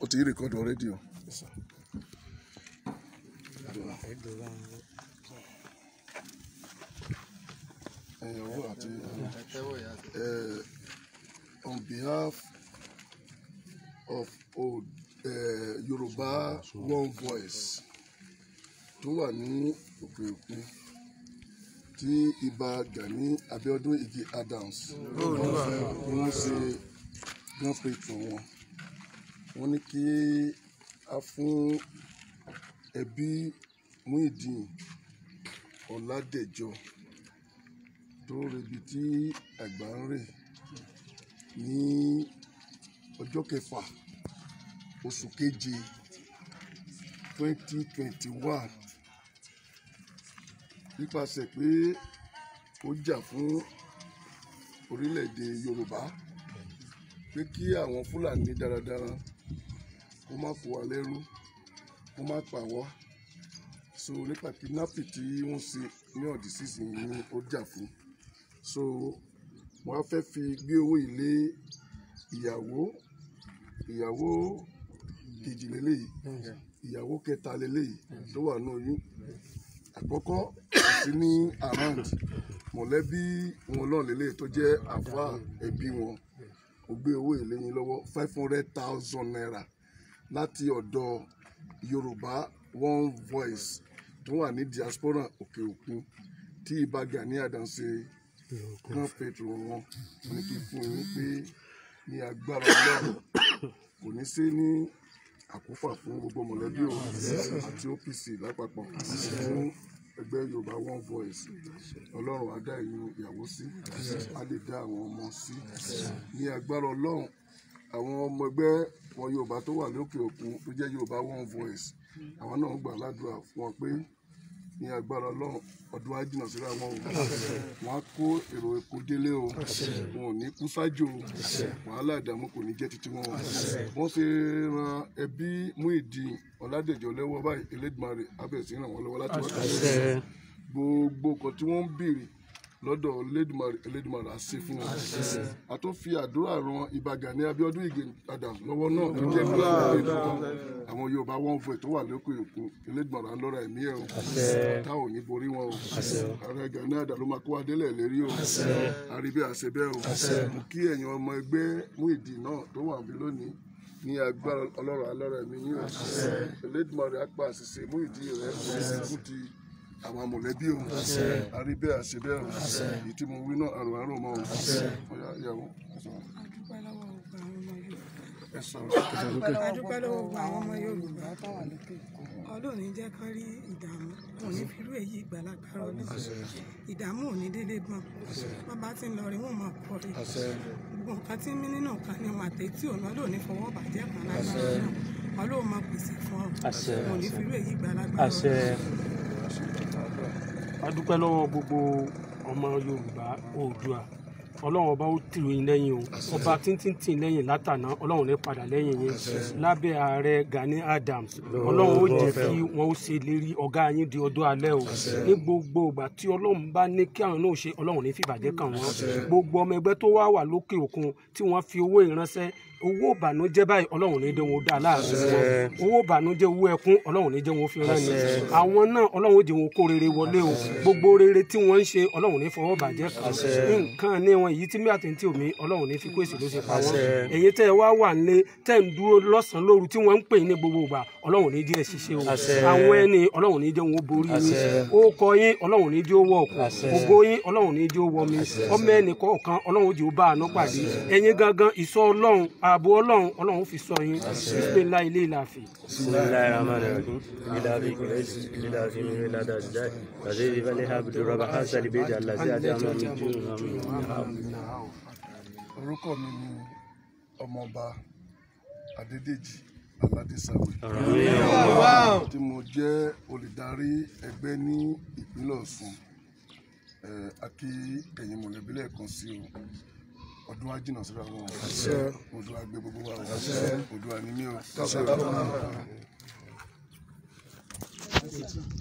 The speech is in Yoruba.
O ti record already o. Yes, sir. àti on behalf of old, uh, Yorùbá one voice tó wà ní òkè òkun tí ibà Gani Abíọ́dún Ige Adams ni wọ́n ṣe grand prix fún wọn wọ́n ní kí a fún ẹbí Muyideen Ọládẹjọ tó rebi tí àgbà ń rè ní ọjọ́ kẹfà oṣù keje twenty twenty one nípasẹ̀ pé ó jà fún orílẹ̀-èdè Yorùbá pé kí àwọn Fúlàní darandaran kó má kó wa lẹ́rú kó má pa wá so nípa kidnapping tí wọ́n ṣe ní ọ̀dì sísìn ni ó jà fún so wọ́n á fẹ́ fi gbé owó ilé ìyàwó ìyàwó kejì lélẹ́yìí ìyàwó kẹta lélẹ́yìí tó wà ní oyún àkọ́kọ́ sí ní around mọ̀lẹ́bí wọn náà lélẹ̀ tó jẹ́ àfa ẹbí wọn ó gbé owó ìléyìn lọ́wọ́ five hundred thousand naira láti ọ̀dọ̀ Yorùbá One Voice tó wà ní diaspora òkè òkun tí Ìbà Gani Adams kan petro wọn ní kí fún yín pé ní agbára Ọlọ́run kò ní sí ní àkófà fún gbogbo mọ̀lẹ́bí o àti OPC lápapọ̀ fún ẹgbẹ́ Yorùbá one voice ọlọ́run á dá ẹ̀yin ìyàwó sí á lè dá àwọn ọmọ sí ní agbára ọlọ́run àwọn ọmọ ẹgbẹ́ wọn Yorùbá tó wà lókè òkun tó jẹ́ Yorùbá one voice àwọn náà gbà ládùúrà fún ọ pé ní agbára ọlọ́run ọdún wa jìnnà síra wọn o wọn á kó èrò epo délé o wọn ò ní kú sájò o wàhálà ìdààmú kò ní jẹ́ títí wọn o wọ́n ṣe ran ẹbí Muyideen Ọládèjọ lẹ́wọ́ báyìí Elédùmarè abẹ́sí ràn wọ́n lọ́wọ́ láti wá gbogbo nǹkan tí wọ́n ń bèrè lọ́dọ̀ Elédùmarè Elédùmarè wọn. a tún fi àdúrà ran Ìbà Gani Abíọ́dún Ìgè lọ́wọ́ náà tó jẹ́ pé àwọn Yorùbá wọn fọ ètò wà lókè òkun Elédùmarè lọ́ra ẹ̀mí ẹ̀ o tá ò ní borí wọn o ààrẹ Gani Adams ló máa kó adélẹ̀ lérí o àríbẹ̀ àṣẹ bẹ́ẹ̀ o mú kí ẹ̀yin ọmọ ẹgbẹ́ Muyideen náà tó wà bí lónìí ní agbára ọlọ́run alọ́rọ̀ àwọn mọ̀lẹ́bí o àríbẹ́ àṣẹbẹ́ o èyí tí mo wí náà àròhárò mọ́ o ọ̀yà ìyàwó. adúpẹ́ lọ́wọ́ gba àwọn ọmọ Yorùbá Ọlọ́run jẹ́ ká rí ìdààmú kò ní fi irú èyí ìgbàlagbà ọdún ìdààmú ò ní dédé gbọ́n wọ́n bá ti ń lọ rí wọ́n máa pọ̀ rí gbogbo nǹkan tí ń mí nínú nǹkan ni wọn àtẹ̀tí òun Ọlọ́run ní fọwọ́ bàjẹ́ kan lágbára náà Ọlọ́run máa pèsè fún ọ kò ní fi irú èyí ìgbàlagbà ọdún a dúpẹ́ lọ́wọ́ gbogbo ọmọ Yorùbá Oòduà ọlọ́run ọba ó tìrò yín lẹ́yìn o ọba tíntìntìn lẹ́yìn látàná ọlọ́run ní padà lẹ́yìn yín lábẹ́ ààrẹ Gani Adams ọlọ́run ó jẹ́ kí wọ́n ó ṣe lérí ọ̀gá yín di ọdún alẹ́ o ní gbogbo ìgbà tí ọlọ́run bá ní kí àwọn náà ṣe ọlọ́run ní fìbàjẹ́ kàn wọ́n gbogbo ọmọ ẹgbẹ́ tó wá wà lókè òkun tí wọ́n fi owó ìránṣẹ́ owó ìbànújẹ́ báyìí ọlọ́run ní jẹ́ dá láàrin wọn owó ìbànújẹ́ owó ẹkún ọlọ́run ní jẹ́ fi rán àwọn náà ọlọ́run jẹ́ wọn kó rere wọlé o gbogbo rere tí wọ́n ń ṣe ọlọ́run ní fọwọ́ bàjẹ́ nǹkan ní wọn èyí tí mi àti tí omi ọlọ́run ní fi kó èsì ló pa wọ́n èyí tẹ́ ẹ wá wà nílé tẹ́ ń dúró lọ́sàn-án lóru tí wọ́n ń pè ní gbogbo ìgbà ọlọ́run ní jẹ́ ṣiṣẹ́ o àwọn ẹni ọlọ́run ní jẹ́ borí mi ó kọ yín ọlọ́run ní jẹ́ wọ̀ ọ̀kọ̀ ògo yín ọlọ́run ní jẹ́ ó mi ọmọ ẹnì kọ̀ọ̀kan ọlọ́run jẹ́ ó bá àánú pàdé ẹ̀yin gangan ìsọ ọlọ́run ààbò ọlọ́run ọlọ́run fi sọ yín ìsúlẹ̀ ńlá ilé ìlàfẹ́. bisimilahi rahman rahim ilahi kulesi ilahi mi wela da da kaze bi bale ha bi rọba ha sari beji alasi ati ama mi ju orúkọ mi ni ọmọọba adédèjì aládésáwé tí mo jẹ́ olùdarí ẹgbẹ́ ní ìpínlẹ̀ Ọ̀ṣun àti mọ̀lẹ́bí lẹ́ẹ̀kan sí o ọdún ajínà síra wọn ọdún agbé gbogbo wa ọdún ànímí ọ.